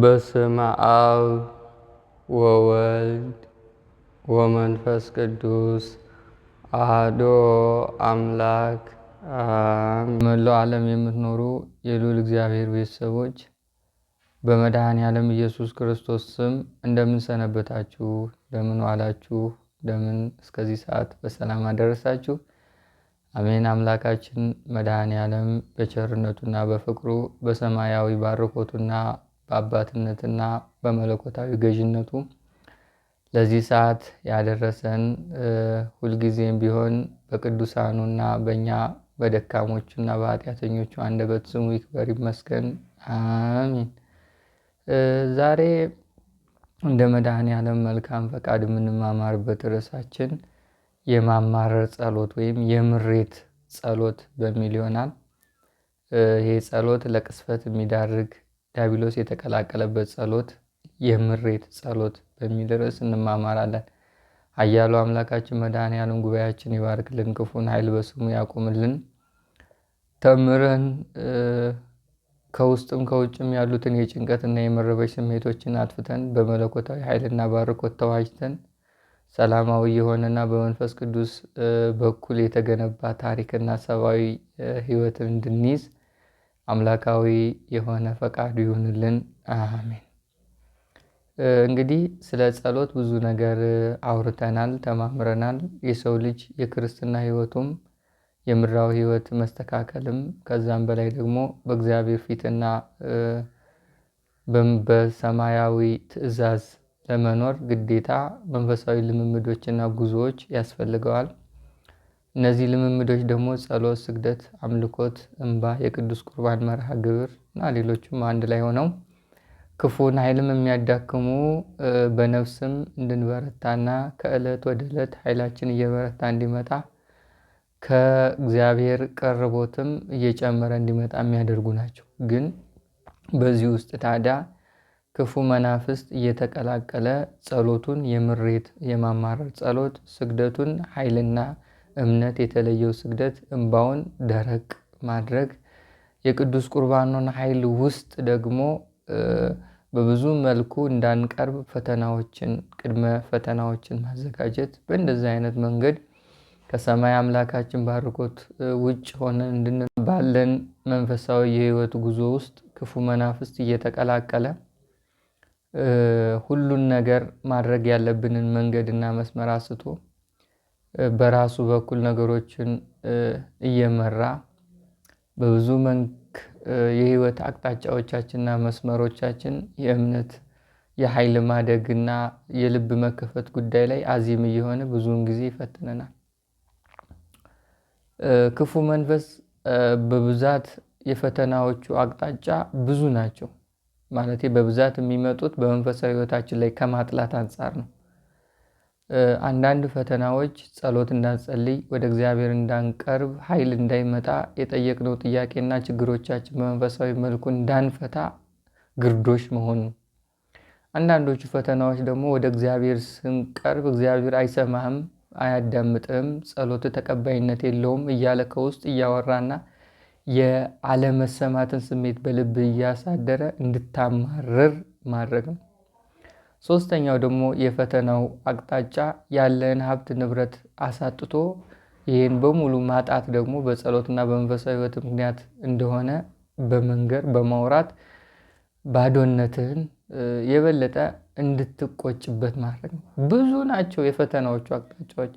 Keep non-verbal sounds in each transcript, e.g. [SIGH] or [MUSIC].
በስመ አብ ወወልድ ወመንፈስ ቅዱስ አህዶ አምላክ መላው ዓለም የምትኖሩ የልዑል እግዚአብሔር ቤተሰቦች በመድኃኔ ዓለም ኢየሱስ ክርስቶስ ስም እንደምን ሰነበታችሁ? እንደምን ዋላችሁ? እንደምን እስከዚህ ሰዓት በሰላም አደረሳችሁ? አሜን። አምላካችን መድኃኔ ዓለም በቸርነቱና በፍቅሩ በሰማያዊ ባርኮቱና በአባትነትና በመለኮታዊ ገዥነቱ ለዚህ ሰዓት ያደረሰን ሁልጊዜም ቢሆን በቅዱሳኑና በእኛ በደካሞቹና በኃጢአተኞቹ አንደበት ስሙ ይክበር ይመስገን። አሚን። ዛሬ እንደ መድኃኔ ዓለም መልካም ፈቃድ የምንማማርበት ርዕሳችን የማማረር ጸሎት ወይም የምሬት ጸሎት በሚል ይሆናል። ይሄ ጸሎት ለቅስፈት የሚዳርግ ዲያብሎስ የተቀላቀለበት ጸሎት የምሬት ጸሎት በሚል ርዕስ እንማማራለን። አያሉ አምላካችን መድኃኔ ዓለም ጉባኤያችን ይባርክልን፣ ክፉን ኃይል በስሙ ያቁምልን። ተምረን ከውስጥም ከውጭም ያሉትን የጭንቀትና የመረበሽ ስሜቶችን አጥፍተን በመለኮታዊ ኃይልና ባርኮት ተዋጅተን ሰላማዊ የሆነና በመንፈስ ቅዱስ በኩል የተገነባ ታሪክና ሰብአዊ ሕይወትን እንድንይዝ አምላካዊ የሆነ ፈቃዱ ይሁንልን። አሜን። እንግዲህ ስለ ጸሎት ብዙ ነገር አውርተናል፣ ተማምረናል። የሰው ልጅ የክርስትና ህይወቱም የምድራዊ ህይወት መስተካከልም ከዛም በላይ ደግሞ በእግዚአብሔር ፊትና በሰማያዊ ትእዛዝ ለመኖር ግዴታ መንፈሳዊ ልምምዶችና ጉዞዎች ያስፈልገዋል። እነዚህ ልምምዶች ደግሞ ጸሎት፣ ስግደት፣ አምልኮት፣ እንባ፣ የቅዱስ ቁርባን መርሃ ግብር እና ሌሎችም አንድ ላይ ሆነው ክፉን ኃይልም የሚያዳክሙ በነፍስም እንድንበረታና ከዕለት ወደ ዕለት ኃይላችን እየበረታ እንዲመጣ ከእግዚአብሔር ቀርቦትም እየጨመረ እንዲመጣ የሚያደርጉ ናቸው። ግን በዚህ ውስጥ ታዲያ ክፉ መናፍስት እየተቀላቀለ ጸሎቱን የምሬት የማማረር ጸሎት፣ ስግደቱን ኃይልና እምነት የተለየው ስግደት እምባውን ደረቅ ማድረግ የቅዱስ ቁርባኑን ኃይል ውስጥ ደግሞ በብዙ መልኩ እንዳንቀርብ ፈተናዎችን ቅድመ ፈተናዎችን ማዘጋጀት በእንደዚህ አይነት መንገድ ከሰማይ አምላካችን ባርኮት ውጭ ሆነን እንድን ባለን መንፈሳዊ የህይወት ጉዞ ውስጥ ክፉ መናፍስት እየተቀላቀለ ሁሉን ነገር ማድረግ ያለብንን መንገድና መስመር አስቶ በራሱ በኩል ነገሮችን እየመራ በብዙ መንክ የህይወት አቅጣጫዎቻችንና መስመሮቻችን የእምነት የኃይል ማደግና የልብ መከፈት ጉዳይ ላይ አዚም እየሆነ ብዙውን ጊዜ ይፈትነናል። ክፉ መንፈስ በብዛት የፈተናዎቹ አቅጣጫ ብዙ ናቸው። ማለት በብዛት የሚመጡት በመንፈሳዊ ህይወታችን ላይ ከማጥላት አንጻር ነው። አንዳንድ ፈተናዎች ጸሎት እንዳንጸልይ ወደ እግዚአብሔር እንዳንቀርብ ኃይል እንዳይመጣ የጠየቅነው ጥያቄና ችግሮቻችን በመንፈሳዊ መልኩ እንዳንፈታ ግርዶሽ መሆኑ። አንዳንዶቹ ፈተናዎች ደግሞ ወደ እግዚአብሔር ስንቀርብ እግዚአብሔር አይሰማህም፣ አያዳምጥም፣ ጸሎት ተቀባይነት የለውም እያለ ከውስጥ እያወራና የአለመሰማትን ስሜት በልብ እያሳደረ እንድታማርር ማድረግ ነው። ሶስተኛው ደግሞ የፈተናው አቅጣጫ ያለን ሀብት ንብረት አሳጥቶ ይህን በሙሉ ማጣት ደግሞ በጸሎትና በመንፈሳዊ ሕይወት ምክንያት እንደሆነ በመንገር በማውራት ባዶነትህን የበለጠ እንድትቆጭበት ማድረግ ነው። ብዙ ናቸው የፈተናዎቹ አቅጣጫዎች።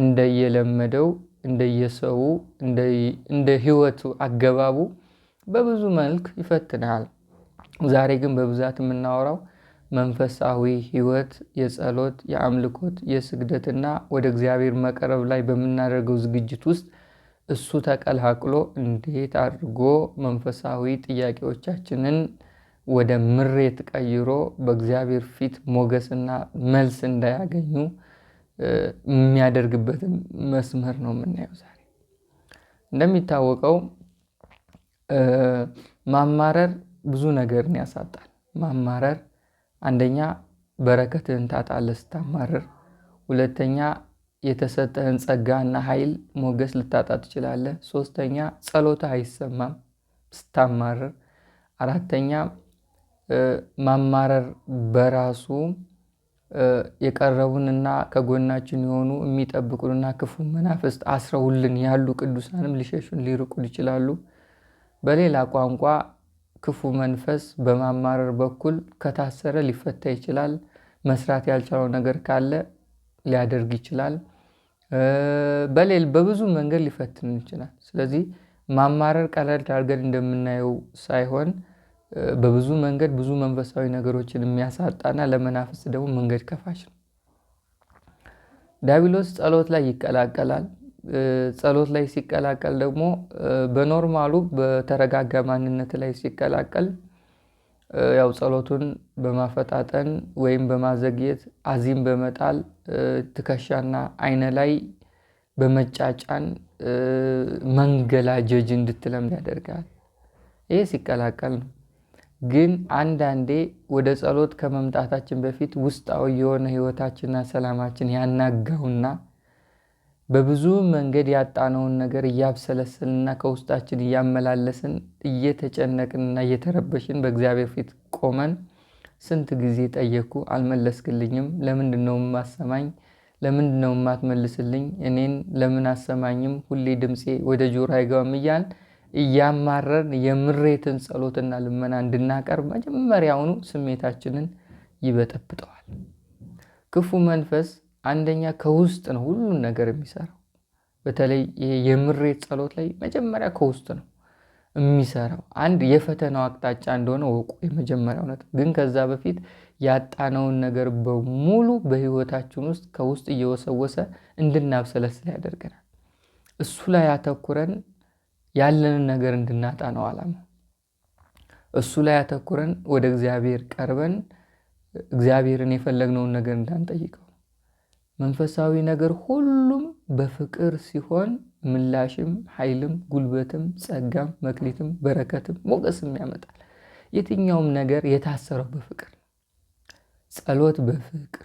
እንደየለመደው እንደየሰው እንደ ህይወቱ አገባቡ በብዙ መልክ ይፈትናል። ዛሬ ግን በብዛት የምናወራው መንፈሳዊ ህይወት የጸሎት፣ የአምልኮት፣ የስግደትና ወደ እግዚአብሔር መቅረብ ላይ በምናደርገው ዝግጅት ውስጥ እሱ ተቀላቅሎ እንዴት አድርጎ መንፈሳዊ ጥያቄዎቻችንን ወደ ምሬት ቀይሮ በእግዚአብሔር ፊት ሞገስና መልስ እንዳያገኙ የሚያደርግበትን መስመር ነው የምናየው ዛሬ። እንደሚታወቀው ማማረር ብዙ ነገርን ያሳጣል። ማማረር አንደኛ በረከትህን ታጣለህ ስታማርር፣ ሁለተኛ የተሰጠህን ጸጋና ኃይል ሞገስ ልታጣ ትችላለህ። ሶስተኛ ጸሎትህ አይሰማም ስታማርር፣ አራተኛ ማማረር በራሱ የቀረቡንና ከጎናችን የሆኑ የሚጠብቁንና ክፉ መናፍስት አስረውልን ያሉ ቅዱሳንም ሊሸሹን ሊርቁን ይችላሉ። በሌላ ቋንቋ ክፉ መንፈስ በማማረር በኩል ከታሰረ ሊፈታ ይችላል። መስራት ያልቻለው ነገር ካለ ሊያደርግ ይችላል። በሌል በብዙ መንገድ ሊፈትን ይችላል። ስለዚህ ማማረር ቀለል አድርገን እንደምናየው ሳይሆን በብዙ መንገድ ብዙ መንፈሳዊ ነገሮችን የሚያሳጣና ለመናፍስ ደግሞ መንገድ ከፋች ነው። ዲያብሎስ ጸሎት ላይ ይቀላቀላል። ጸሎት ላይ ሲቀላቀል ደግሞ በኖርማሉ በተረጋጋ ማንነት ላይ ሲቀላቀል ያው ጸሎቱን በማፈጣጠን ወይም በማዘግየት አዚም በመጣል ትከሻና አይነ ላይ በመጫጫን መንገላጀጅ እንድትለምድ ያደርጋል። ይህ ሲቀላቀል ነው። ግን አንዳንዴ ወደ ጸሎት ከመምጣታችን በፊት ውስጣዊ የሆነ ህይወታችንና ሰላማችን ያናጋውና በብዙ መንገድ ያጣነውን ነገር እያብሰለሰልንና ከውስጣችን እያመላለስን እየተጨነቅንና እየተረበሽን በእግዚአብሔር ፊት ቆመን ስንት ጊዜ ጠየቅኩ፣ አልመለስክልኝም፣ ለምንድነው ማሰማኝ ለምንድነው የማትመልስልኝ? እኔን ለምን አሰማኝም? ሁሌ ድምፄ ወደ ጆሮ አይገባም እያል እያማረን የምሬትን ጸሎትና ልመና እንድናቀርብ መጀመሪያውኑ ስሜታችንን ይበጠብጠዋል ክፉ መንፈስ አንደኛ ከውስጥ ነው ሁሉን ነገር የሚሰራው። በተለይ የምሬት ጸሎት ላይ መጀመሪያ ከውስጥ ነው የሚሰራው። አንድ የፈተናው አቅጣጫ እንደሆነ ወቁ፣ የመጀመሪያው ነጥብ። ግን ከዛ በፊት ያጣነውን ነገር በሙሉ በህይወታችን ውስጥ ከውስጥ እየወሰወሰ እንድናብሰለስል ያደርገናል። እሱ ላይ ያተኩረን ያለንን ነገር እንድናጣ ነው አላማ። እሱ ላይ ያተኩረን ወደ እግዚአብሔር ቀርበን እግዚአብሔርን የፈለግነውን ነገር እንዳንጠይቀው መንፈሳዊ ነገር ሁሉም በፍቅር ሲሆን ምላሽም ኃይልም ጉልበትም ጸጋም መክሊትም በረከትም ሞገስም ያመጣል። የትኛውም ነገር የታሰረው በፍቅር ጸሎት በፍቅር፣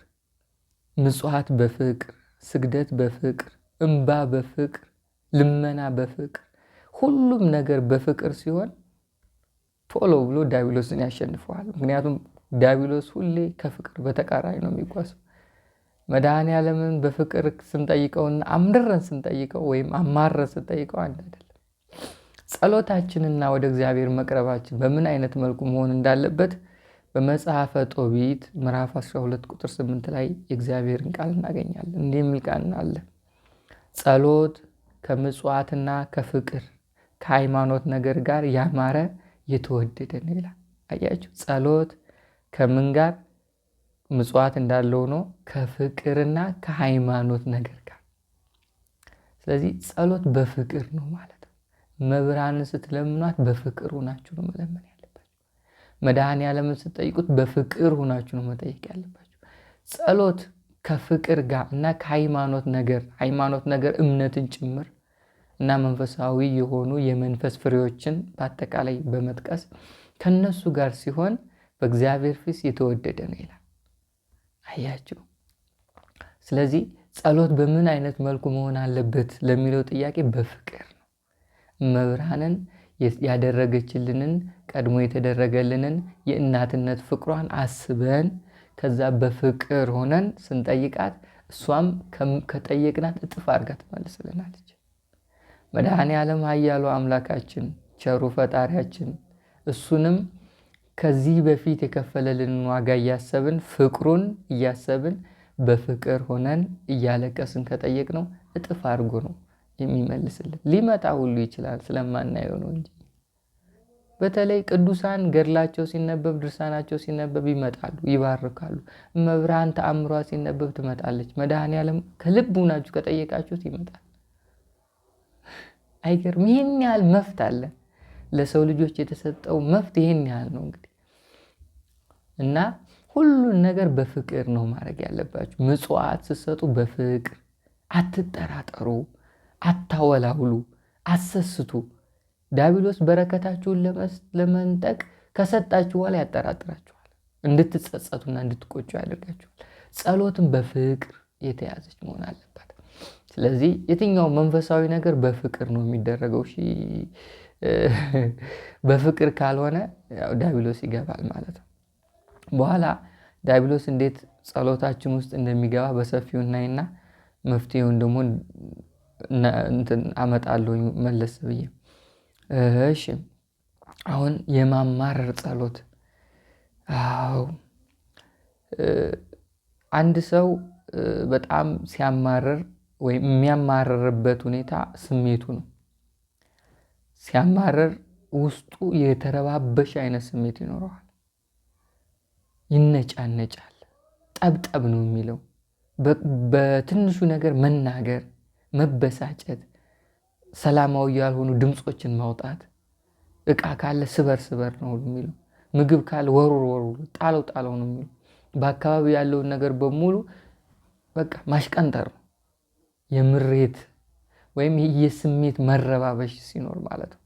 ምጽዋት በፍቅር፣ ስግደት በፍቅር፣ እምባ በፍቅር፣ ልመና በፍቅር፣ ሁሉም ነገር በፍቅር ሲሆን ቶሎ ብሎ ዳቢሎስን ያሸንፈዋል። ምክንያቱም ዳቢሎስ ሁሌ ከፍቅር በተቃራኒ ነው የሚጓዘው። መድኃኔ ዓለምን በፍቅር ስንጠይቀውና አምርረን ስንጠይቀው ወይም አማረን ስንጠይቀው አንድ አይደለም። ጸሎታችንና ወደ እግዚአብሔር መቅረባችን በምን አይነት መልኩ መሆን እንዳለበት በመጽሐፈ ጦቢት ምዕራፍ 12 ቁጥር 8 ላይ የእግዚአብሔርን ቃል እናገኛለን። እንዲህ የሚል ቃል እናለ ጸሎት ከምጽዋትና ከፍቅር ከሃይማኖት ነገር ጋር ያማረ የተወደደ ነው ይላል። አያችሁ ጸሎት ከምን ጋር ምጽዋት እንዳለ ሆኖ ከፍቅርና ከሃይማኖት ነገር ጋር ስለዚህ ጸሎት በፍቅር ነው ማለት ነው። መብርሃንን ስትለምኗት በፍቅር ሁናችሁ ነው መለመን ያለባችሁ። መድኃኔ ዓለምን ስትጠይቁት በፍቅር ሁናችሁ ነው መጠየቅ ያለባችሁ። ጸሎት ከፍቅር ጋር እና ከሃይማኖት ነገር ሃይማኖት ነገር እምነትን ጭምር እና መንፈሳዊ የሆኑ የመንፈስ ፍሬዎችን በአጠቃላይ በመጥቀስ ከነሱ ጋር ሲሆን በእግዚአብሔር ፊት የተወደደ ነው ይላል። አያችሁ። ስለዚህ ጸሎት በምን አይነት መልኩ መሆን አለበት ለሚለው ጥያቄ በፍቅር ነው። መብርሃንን ያደረገችልንን ቀድሞ የተደረገልንን የእናትነት ፍቅሯን አስበን ከዛ በፍቅር ሆነን ስንጠይቃት እሷም ከጠየቅናት እጥፍ አድርጋ ትመልስልናለች። መድኃኔ ዓለም ኃያሉ አምላካችን ቸሩ ፈጣሪያችን እሱንም ከዚህ በፊት የከፈለልን ዋጋ እያሰብን ፍቅሩን እያሰብን በፍቅር ሆነን እያለቀስን ከጠየቅ ነው እጥፍ አድርጎ ነው የሚመልስልን። ሊመጣ ሁሉ ይችላል ስለማናየው ነው እንጂ። በተለይ ቅዱሳን ገድላቸው ሲነበብ፣ ድርሳናቸው ሲነበብ ይመጣሉ፣ ይባርካሉ። መብርሃን ተአምሯ ሲነበብ ትመጣለች። መድኃኔ ዓለም ከልብ ሁናችሁ ከጠየቃችሁት ይመጣል። አይገርም? ይህን ያህል መፍት አለን ለሰው ልጆች የተሰጠው መፍት ይህን ያህል ነው እንግዲህ እና ሁሉን ነገር በፍቅር ነው ማድረግ ያለባችሁ። ምጽዋት ስትሰጡ በፍቅር አትጠራጠሩ፣ አታወላውሉ፣ አሰስቱ። ዳቢሎስ በረከታችሁን ለመንጠቅ ከሰጣችሁ በኋላ ያጠራጥራችኋል፣ እንድትጸጸቱና እንድትቆጩ ያደርጋችኋል። ጸሎትን በፍቅር የተያዘች መሆን አለባት። ስለዚህ የትኛው መንፈሳዊ ነገር በፍቅር ነው የሚደረገው። በፍቅር ካልሆነ ዳቢሎስ ይገባል ማለት ነው። በኋላ ዲያብሎስ እንዴት ጸሎታችን ውስጥ እንደሚገባ በሰፊው እናይና መፍትሄውን ደግሞ አመጣለሁ መለስ ብዬ። እሺ አሁን የማማረር ጸሎት። አዎ አንድ ሰው በጣም ሲያማረር ወይም የሚያማረርበት ሁኔታ ስሜቱ ነው። ሲያማረር ውስጡ የተረባበሽ አይነት ስሜት ይኖረዋል። ይነጫነጫል። ጠብጠብ ነው የሚለው በትንሹ ነገር መናገር፣ መበሳጨት፣ ሰላማዊ ያልሆኑ ድምፆችን ማውጣት። እቃ ካለ ስበር ስበር ነው የሚለው። ምግብ ካለ ወሩር ወሩር፣ ጣለው ጣለው ነው የሚለው። በአካባቢ ያለውን ነገር በሙሉ በቃ ማሽቀንጠር ነው። የምሬት ወይም የስሜት መረባበሽ ሲኖር ማለት ነው።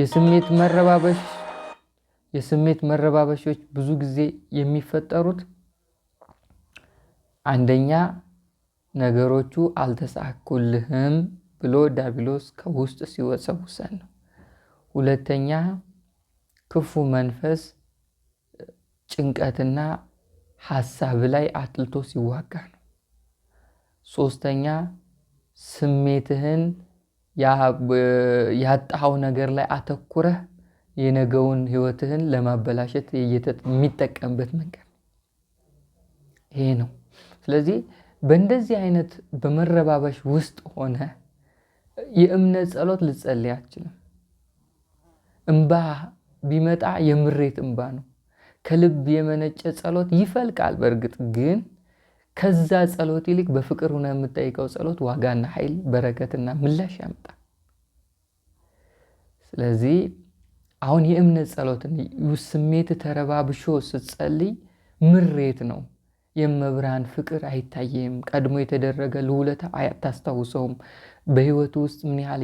የስሜት መረባበሽ የስሜት መረባበሾች ብዙ ጊዜ የሚፈጠሩት አንደኛ ነገሮቹ አልተሳኩልህም ብሎ ዳቢሎስ ከውስጥ ሲወሰውሰን ነው። ሁለተኛ ክፉ መንፈስ ጭንቀትና ሀሳብ ላይ አጥልቶ ሲዋጋ ነው። ሶስተኛ ስሜትህን ያጣኸው ነገር ላይ አተኩረህ የነገውን ህይወትህን ለማበላሸት የሚጠቀምበት መንገድ ይሄ ነው። ስለዚህ በእንደዚህ አይነት በመረባበሽ ውስጥ ሆነ የእምነት ጸሎት ልጸል አትችልም። እምባ ቢመጣ የምሬት እምባ ነው። ከልብ የመነጨ ጸሎት ይፈልቃል። በእርግጥ ግን ከዛ ጸሎት ይልቅ በፍቅር ሆነ የምጠይቀው ጸሎት ዋጋና ኃይል፣ በረከትና ምላሽ ያመጣል። ስለዚህ አሁን የእምነት ጸሎትን ስሜት ተረባብሾ ስትጸልይ ምሬት ነው። የመብርሃን ፍቅር አይታየም። ቀድሞ የተደረገ ልውለታ አታስታውሰውም። በህይወቱ ውስጥ ምን ያህል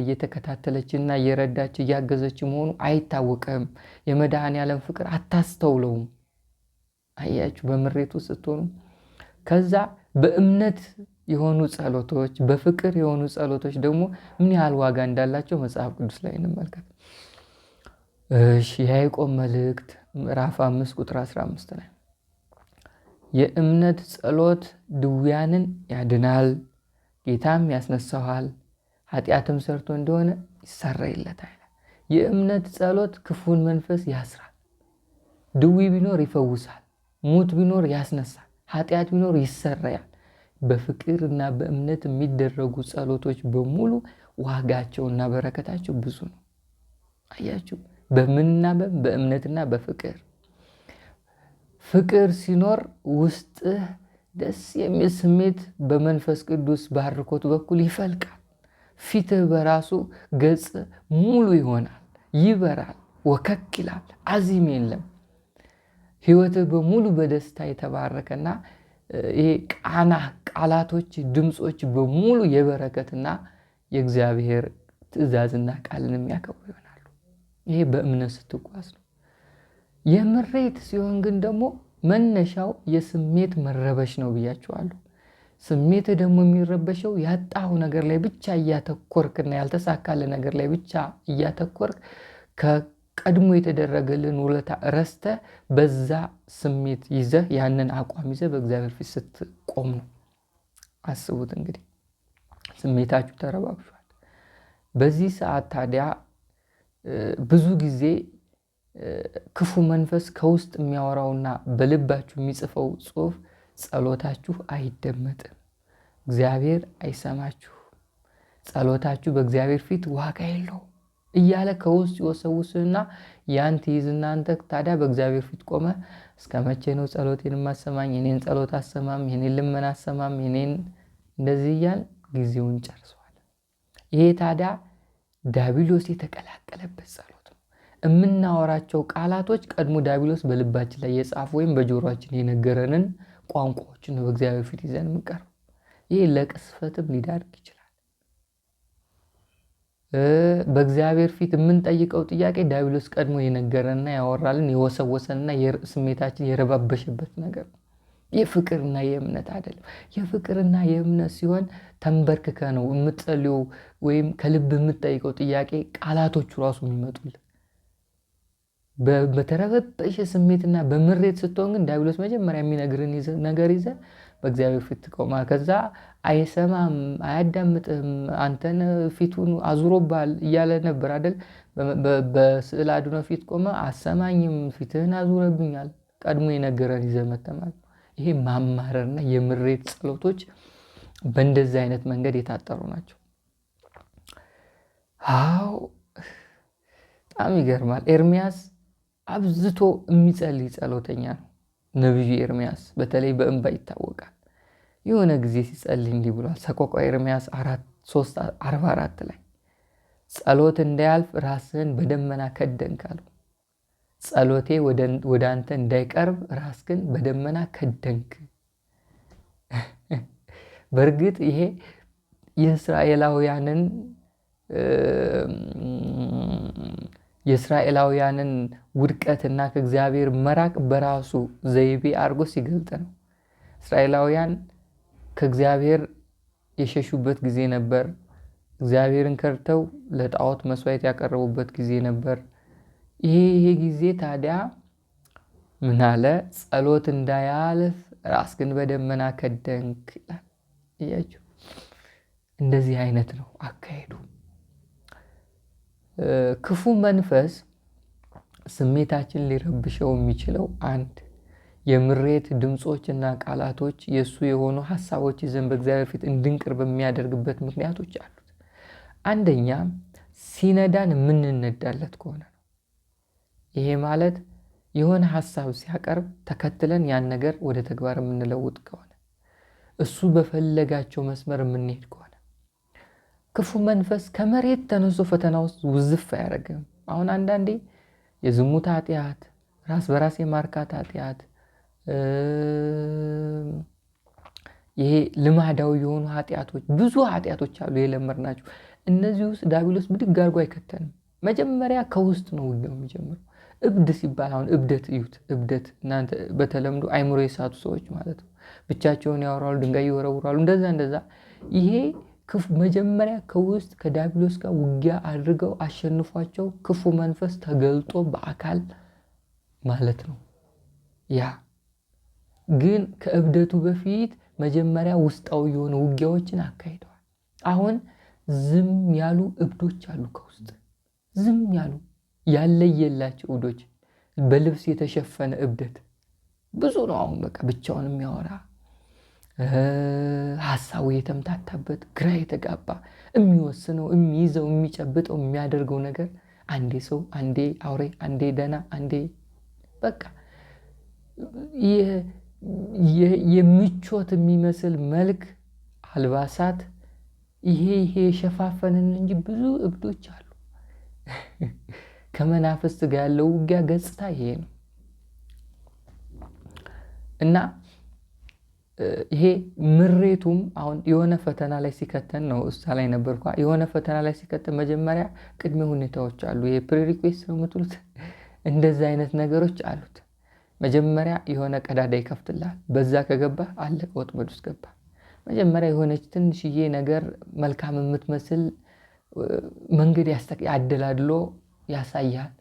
ና እየረዳች እያገዘች መሆኑ አይታወቅም። የመድኃኔ ዓለም ፍቅር አታስተውለውም። አያችሁ፣ በምሬቱ ስትሆኑ ከዛ በእምነት የሆኑ ጸሎቶች፣ በፍቅር የሆኑ ጸሎቶች ደግሞ ምን ያህል ዋጋ እንዳላቸው መጽሐፍ ቅዱስ ላይ እንመልከት። እሺ የያዕቆብ መልእክት ምዕራፍ አምስት ቁጥር አስራ አምስት ላይ የእምነት ጸሎት ድውያንን ያድናል፣ ጌታም ያስነሳዋል፣ ኃጢአትም ሰርቶ እንደሆነ ይሰረይለታል። የእምነት ጸሎት ክፉን መንፈስ ያስራል፣ ድዊ ቢኖር ይፈውሳል፣ ሙት ቢኖር ያስነሳል፣ ኃጢአት ቢኖር ይሰረያል። በፍቅር እና በእምነት የሚደረጉ ጸሎቶች በሙሉ ዋጋቸው እና በረከታቸው ብዙ ነው። አያችሁ። በምናበብ በእምነትና በፍቅር ፍቅር ሲኖር ውስጥህ ደስ የሚል ስሜት በመንፈስ ቅዱስ ባርኮት በኩል ይፈልቃል። ፊትህ በራሱ ገጽ ሙሉ ይሆናል፣ ይበራል፣ ወከክ ይላል፣ አዚም የለም። ህይወትህ በሙሉ በደስታ የተባረከና ይሄ ቃና ቃላቶች፣ ድምፆች በሙሉ የበረከትና የእግዚአብሔር ትእዛዝና ቃልን የሚያከብሩ ይሆናል። ይሄ በእምነት ስትጓዝ ነው። የምሬት ሲሆን ግን ደግሞ መነሻው የስሜት መረበሽ ነው ብያችኋለሁ። ስሜት ደግሞ የሚረበሸው ያጣሁ ነገር ላይ ብቻ እያተኮርክና ያልተሳካለ ነገር ላይ ብቻ እያተኮርክ ከቀድሞ የተደረገልን ውለታ ረስተ በዛ ስሜት ይዘህ ያንን አቋም ይዘህ በእግዚአብሔር ፊት ስትቆም ነው። አስቡት እንግዲህ ስሜታችሁ ተረባብሿል። በዚህ ሰዓት ታዲያ ብዙ ጊዜ ክፉ መንፈስ ከውስጥ የሚያወራውና በልባችሁ የሚጽፈው ጽሑፍ ጸሎታችሁ አይደመጥም፣ እግዚአብሔር አይሰማችሁ ጸሎታችሁ በእግዚአብሔር ፊት ዋጋ የለው እያለ ከውስጥ ይወሰውስህና ያን ትይዝና አንተ ታዲያ በእግዚአብሔር ፊት ቆመ እስከ መቼ ነው ጸሎቴን የማሰማኝ? የኔን ጸሎት አሰማም፣ የኔን ልመና አሰማም፣ የኔን እንደዚህ እያል ጊዜውን ጨርሷል። ይሄ ታዲያ ዳቢሎስ የተቀላቀለበት ጸሎት ነው። የምናወራቸው ቃላቶች ቀድሞ ዳቢሎስ በልባችን ላይ የጻፉ ወይም በጆሮችን የነገረንን ቋንቋዎችን ነው በእግዚአብሔር ፊት ይዘን የምንቀርበው። ይህ ለቅስፈትም ሊዳርግ ይችላል። በእግዚአብሔር ፊት የምንጠይቀው ጥያቄ ዳቢሎስ ቀድሞ የነገረንና ያወራልን የወሰወሰንና ስሜታችን የረባበሸበት ነገር ነው። የፍቅርና የእምነት አይደለም። የፍቅርና የእምነት ሲሆን ተንበርክከ ነው የምትጸልየው ወይም ከልብ የምትጠይቀው ጥያቄ ቃላቶቹ ራሱ የሚመጡል። በተረበበሸ ስሜትና በምሬት ስትሆን ግን ዲያብሎስ መጀመሪያ የሚነግርን ነገር ይዘ በእግዚአብሔር ፊት ትቆማል። ከዛ አይሰማም፣ አያዳምጥም፣ አንተን ፊቱን አዙሮባል እያለ ነበር አደል? በስዕል አድኖ ፊት ቆመ። አሰማኝም፣ ፊትህን አዙረብኛል፣ ቀድሞ የነገረን መተማል ይሄ ማማረርና የምሬት ጸሎቶች በእንደዚህ አይነት መንገድ የታጠሩ ናቸው። አዎ በጣም ይገርማል። ኤርሚያስ አብዝቶ የሚጸልይ ጸሎተኛ ነው። ነቢዩ ኤርሚያስ በተለይ በእንባ ይታወቃል። የሆነ ጊዜ ሲጸልይ እንዲህ ብሏል። ሰቆቃወ ኤርሚያስ 3 44 ላይ ጸሎት እንዳያልፍ ራስህን በደመና ከደንክ አለው። ጸሎቴ ወደ አንተ እንዳይቀርብ ራስህን በደመና ከደንክ። [LAUGHS] በእርግጥ ይሄ የእስራኤላውያንን የእስራኤላውያንን ውድቀትና ከእግዚአብሔር መራቅ በራሱ ዘይቤ አድርጎ ሲገልጥ ነው። እስራኤላውያን ከእግዚአብሔር የሸሹበት ጊዜ ነበር። እግዚአብሔርን ከርተው ለጣዖት መስዋዕት ያቀረቡበት ጊዜ ነበር። ይሄ ጊዜ ታዲያ ምን አለ? ጸሎት እንዳያልፍ ግን በደመና ከደንክ ይላል። እያችሁ እንደዚህ አይነት ነው አካሄዱ። ክፉ መንፈስ ስሜታችን ሊረብሸው የሚችለው አንድ የምሬት ድምፆችና ቃላቶች የእሱ የሆኑ ሀሳቦች ይዘን በእግዚአብሔር ፊት እንድንቀርብ የሚያደርግበት ምክንያቶች አሉት። አንደኛ ሲነዳን የምንነዳለት ከሆነ ይሄ ማለት የሆነ ሀሳብ ሲያቀርብ ተከትለን ያን ነገር ወደ ተግባር የምንለውጥ ከሆነ እሱ በፈለጋቸው መስመር የምንሄድ ከሆነ ክፉ መንፈስ ከመሬት ተነሶ ፈተና ውስጥ ውዝፍ አያደርግም። አሁን አንዳንዴ የዝሙት ኃጢአት፣ ራስ በራስ የማርካት ኃጢአት፣ ይሄ ልማዳዊ የሆኑ ኃጢአቶች፣ ብዙ ኃጢአቶች አሉ ናቸው። እነዚህ ውስጥ ዳቢሎስ ብድግ አድርጎ አይከተንም። መጀመሪያ ከውስጥ ነው ውጊያው የሚጀምረው። እብድ ሲባል አሁን እብደት እዩት። እብደት እናንተ በተለምዶ አይምሮ የሳቱ ሰዎች ማለት ነው። ብቻቸውን ያወራሉ፣ ድንጋይ ይወረውራሉ፣ እንደዛ እንደዛ። ይሄ መጀመሪያ ከውስጥ ከዳብሎስ ጋር ውጊያ አድርገው አሸንፏቸው ክፉ መንፈስ ተገልጦ በአካል ማለት ነው። ያ ግን ከእብደቱ በፊት መጀመሪያ ውስጣዊ የሆነ ውጊያዎችን አካሂደዋል። አሁን ዝም ያሉ እብዶች አሉ፣ ከውስጥ ዝም ያሉ ያለየላቸው እብዶች፣ በልብስ የተሸፈነ እብደት ብዙ ነው። አሁን በቃ ብቻውን የሚያወራ ሀሳቡ የተምታታበት ግራ የተጋባ የሚወስነው የሚይዘው የሚጨብጠው የሚያደርገው ነገር አንዴ ሰው አንዴ አውሬ አንዴ ደና አንዴ በቃ የምቾት የሚመስል መልክ አልባሳት ይሄ ይሄ የሸፋፈንን እንጂ ብዙ እብዶች አሉ። ከመናፍስት ጋር ያለው ውጊያ ገጽታ ይሄ ነው እና ይሄ ምሬቱም አሁን የሆነ ፈተና ላይ ሲከተን ነው። እሳ ላይ ነበርኳ። የሆነ ፈተና ላይ ሲከተን መጀመሪያ ቅድሜ ሁኔታዎች አሉ። የፕሪ ሪኩዌስት ነው የምትሉት እንደዚህ አይነት ነገሮች አሉት። መጀመሪያ የሆነ ቀዳዳ ይከፍትላል። በዛ ከገባ አለቀ፣ ወጥመድ ውስጥ ገባ። መጀመሪያ የሆነች ትንሽዬ ነገር መልካም የምትመስል መንገድ ያደላድሎ ያሳያል።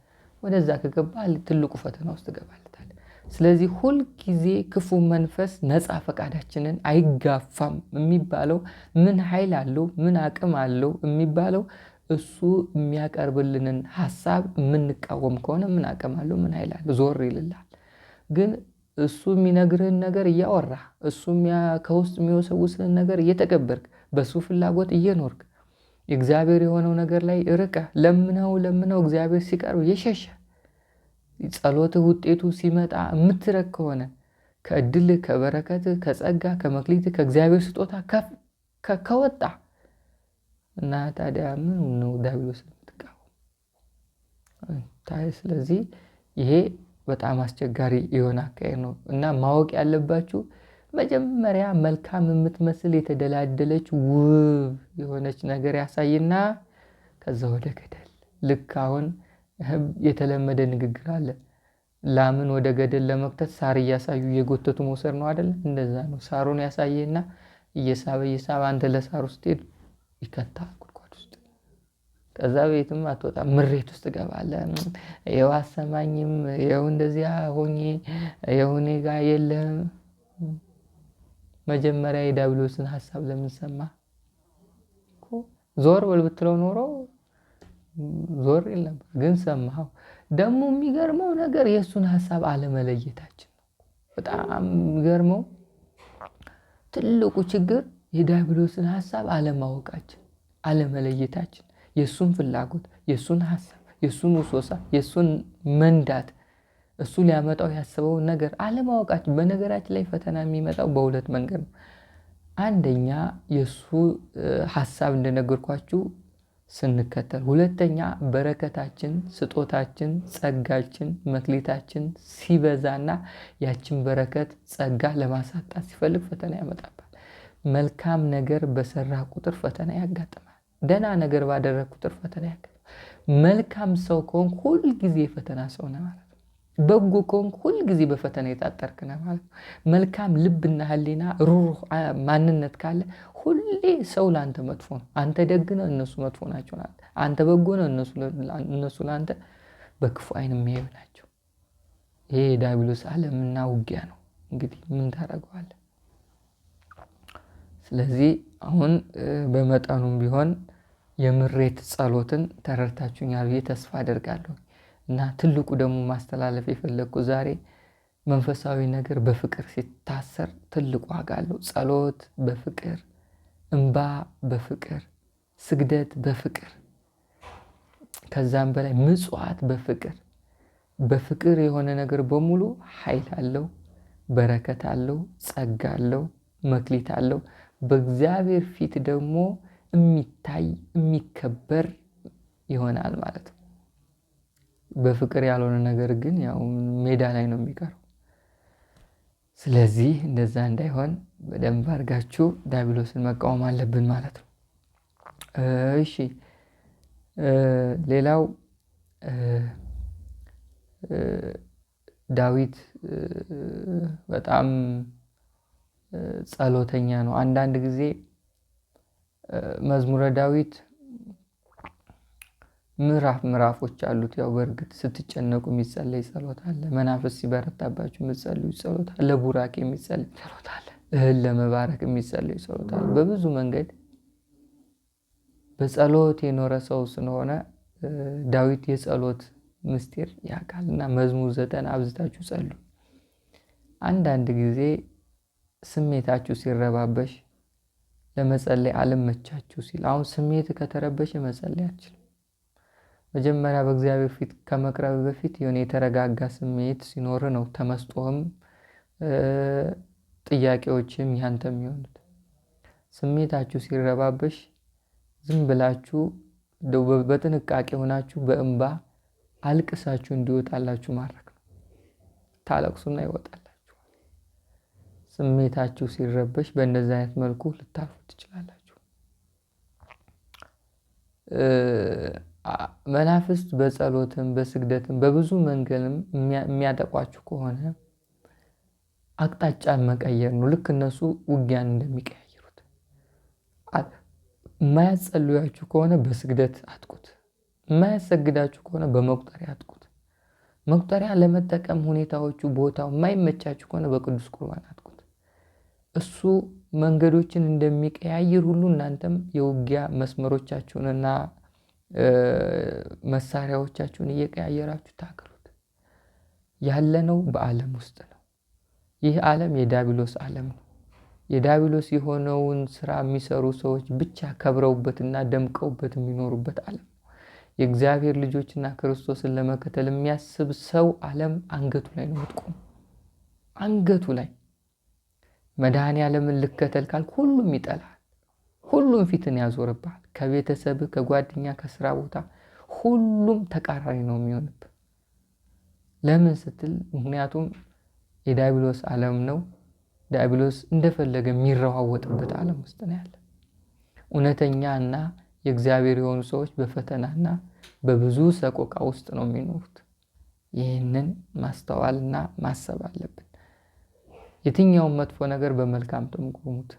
ወደዛ ከገባ ትልቁ ፈተና ውስጥ ትገባለታል። ስለዚህ ሁልጊዜ ክፉ መንፈስ ነፃ ፈቃዳችንን አይጋፋም የሚባለው ምን ኃይል አለው ምን አቅም አለው የሚባለው እሱ የሚያቀርብልንን ሀሳብ የምንቃወም ከሆነ ምን አቅም አለው ምን ኃይል አለው ዞር ይልላል። ግን እሱ የሚነግርህን ነገር እያወራ እሱ ከውስጥ የሚወሰውስህን ነገር እየተቀበልክ በሱ ፍላጎት እየኖርክ የእግዚአብሔር የሆነው ነገር ላይ ርቀ ለምነው ለምነው እግዚአብሔር ሲቀርብ የሸሸ ጸሎትህ ውጤቱ ሲመጣ የምትረክ ከሆነ ከእድል፣ ከበረከት፣ ከጸጋ፣ ከመክሊት፣ ከእግዚአብሔር ስጦታ ከወጣ እና ታዲያ ምን ነው ዲያብሎስን የምትቃወም? ስለዚህ ይሄ በጣም አስቸጋሪ የሆነ አካሄድ ነው እና ማወቅ ያለባችሁ መጀመሪያ መልካም የምትመስል የተደላደለች ውብ የሆነች ነገር ያሳይና ከዛ ወደ ገደል። ልክ አሁን የተለመደ ንግግር አለ። ላምን ወደ ገደል ለመክተት ሳር እያሳዩ እየጎተቱ መውሰድ ነው አደለ? እንደዛ ነው። ሳሩን ያሳየና እየሳበ እየሳበ አንተ ውስጥ ስትሄድ ይከታ ጉድጓድ ውስጥ። ከዛ ቤትም አትወጣ ምሬት ውስጥ ገባለ። ይኸው አሰማኝም፣ ይኸው እንደዚያ ሆኜ፣ ይኸው እኔ ጋ የለም መጀመሪያ የዳብሎስን ሀሳብ ለምን ሰማ? ዞር በል ብትለው ኖሮ ዞር የለም፣ ግን ሰማው። ደግሞ የሚገርመው ነገር የእሱን ሀሳብ አለመለየታችን ነው። በጣም የሚገርመው ትልቁ ችግር የዳብሎስን ሀሳብ አለማወቃችን፣ አለመለየታችን፣ የእሱን ፍላጎት፣ የእሱን ሀሳብ፣ የእሱን ውሶሳ፣ የእሱን መንዳት እሱ ሊያመጣው ያስበውን ነገር አለማወቃችን። በነገራችን ላይ ፈተና የሚመጣው በሁለት መንገድ ነው። አንደኛ የእሱ ሀሳብ እንደነገርኳችሁ ስንከተል፣ ሁለተኛ በረከታችን፣ ስጦታችን፣ ጸጋችን፣ መክሊታችን ሲበዛና ያችን በረከት ጸጋ ለማሳጣት ሲፈልግ ፈተና ያመጣባል። መልካም ነገር በሰራ ቁጥር ፈተና ያጋጥማል። ደህና ነገር ባደረግ ቁጥር ፈተና ያጋጥማል። መልካም ሰው ከሆን ሁልጊዜ ፈተና ሰው ነው ማለት ነው። በጎ ከሆንክ ሁልጊዜ በፈተና የታጠርክ ነህ ማለት ነው። መልካም ልብና ሕሊና ሩሩህ ማንነት ካለ ሁሌ ሰው ለአንተ መጥፎ ነው። አንተ ደግ ነው፣ እነሱ መጥፎ ናቸው። አንተ በጎ ነው፣ እነሱ ለአንተ በክፉ አይን የሚያዩ ናቸው። ይሄ የዳቢሎስ ዓለምና ውጊያ ነው። እንግዲህ ምን ታደርገዋለህ? ስለዚህ አሁን በመጠኑም ቢሆን የምሬት ጸሎትን ተረድታችሁኛል ብዬ ተስፋ አደርጋለሁ። እና ትልቁ ደግሞ ማስተላለፍ የፈለግኩ ዛሬ መንፈሳዊ ነገር በፍቅር ሲታሰር ትልቅ ዋጋ አለው። ጸሎት በፍቅር፣ እምባ በፍቅር፣ ስግደት በፍቅር ከዛም በላይ ምጽዋት በፍቅር በፍቅር የሆነ ነገር በሙሉ ኃይል አለው፣ በረከት አለው፣ ጸጋ አለው፣ መክሊት አለው። በእግዚአብሔር ፊት ደግሞ የሚታይ የሚከበር ይሆናል ማለት ነው። በፍቅር ያልሆነ ነገር ግን ያው ሜዳ ላይ ነው የሚቀረው። ስለዚህ እንደዛ እንዳይሆን በደንብ አድርጋችሁ ዳቢሎስን መቃወም አለብን ማለት ነው። እሺ ሌላው ዳዊት በጣም ጸሎተኛ ነው። አንዳንድ ጊዜ መዝሙረ ዳዊት ምዕራፍ ምዕራፎች አሉት። ያው በእርግጥ ስትጨነቁ የሚጸለይ ጸሎት አለ። መናፍስ ሲበረታባችሁ የምትጸልዩ ጸሎት አለ። ለቡራክ የሚጸለይ ጸሎት አለ። እህል ለመባረክ የሚጸለይ ጸሎት አለ። በብዙ መንገድ በጸሎት የኖረ ሰው ስለሆነ ዳዊት የጸሎት ምስጢር ያውቃል እና መዝሙር ዘጠና አብዝታችሁ ጸሉ። አንዳንድ ጊዜ ስሜታችሁ ሲረባበሽ ለመጸለይ አልመቻችሁ ሲል አሁን ስሜት ከተረበሽ መጸለይ አችልም መጀመሪያ በእግዚአብሔር ፊት ከመቅረብ በፊት የሆነ የተረጋጋ ስሜት ሲኖር ነው ተመስጦም ጥያቄዎችም ያንተ የሚሆኑት። ስሜታችሁ ሲረባበሽ ዝም ብላችሁ በጥንቃቄ ሆናችሁ በእንባ አልቅሳችሁ እንዲወጣላችሁ ማድረግ ነው። ታለቅሱና ይወጣላችኋል። ስሜታችሁ ሲረበሽ በእንደዚህ አይነት መልኩ ልታልፉ ትችላላችሁ። መናፍስት በጸሎትም በስግደትም በብዙ መንገድም የሚያጠቋችሁ ከሆነ አቅጣጫን መቀየር ነው። ልክ እነሱ ውጊያን እንደሚቀያየሩት የማያጸልያችሁ ከሆነ በስግደት አጥቁት። የማያሰግዳችሁ ከሆነ በመቁጠሪያ አጥቁት። መቁጠሪያ ለመጠቀም ሁኔታዎቹ፣ ቦታው የማይመቻችሁ ከሆነ በቅዱስ ቁርባን አጥቁት። እሱ መንገዶችን እንደሚቀያይር ሁሉ እናንተም የውጊያ መስመሮቻችሁንና መሳሪያዎቻችሁን እየቀያየራችሁ ታክሉት። ያለነው በዓለም ውስጥ ነው። ይህ ዓለም የዳቢሎስ ዓለም ነው። የዳቢሎስ የሆነውን ስራ የሚሰሩ ሰዎች ብቻ ከብረውበትና ደምቀውበት የሚኖሩበት ዓለም ነው። የእግዚአብሔር ልጆችና ክርስቶስን ለመከተል የሚያስብ ሰው ዓለም አንገቱ ላይ ነው ወድቆ አንገቱ ላይ መድኃኔ ዓለምን ልከተል ካልክ ሁሉም ይጠላል። ሁሉም ፊትን ያዞርብሃል። ከቤተሰብ ከጓደኛ፣ ከስራ ቦታ ሁሉም ተቃራኒ ነው የሚሆንብ። ለምን ስትል ምክንያቱም የዲያብሎስ ዓለም ነው። ዲያብሎስ እንደፈለገ የሚረዋወጥበት ዓለም ውስጥ ነው ያለ። እውነተኛ እና የእግዚአብሔር የሆኑ ሰዎች በፈተናና በብዙ ሰቆቃ ውስጥ ነው የሚኖሩት። ይህንን ማስተዋልና ማሰብ አለብን። የትኛውን መጥፎ ነገር በመልካም ተመልከቱት።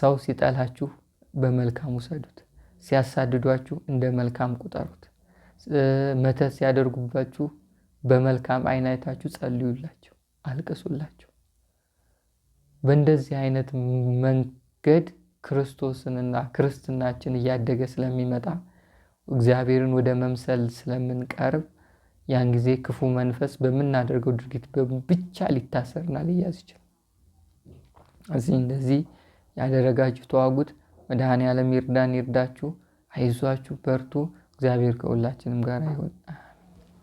ሰው ሲጠላችሁ በመልካም ውሰዱት። ሲያሳድዷችሁ እንደ መልካም ቁጠሩት። መተት ሲያደርጉባችሁ በመልካም አይን አይታችሁ ጸልዩላቸው፣ አልቅሱላቸው። በእንደዚህ አይነት መንገድ ክርስቶስንና ክርስትናችን እያደገ ስለሚመጣ እግዚአብሔርን ወደ መምሰል ስለምንቀርብ ያን ጊዜ ክፉ መንፈስ በምናደርገው ድርጊት ብቻ ሊታሰርና ሊያዝ ይችላል። እዚህ እንደዚህ ያደረጋችሁ ተዋጉት። መድኃኔ ዓለም ይርዳን ይርዳችሁ። አይዟችሁ፣ በርቱ። እግዚአብሔር ከሁላችንም ጋር ይሁን።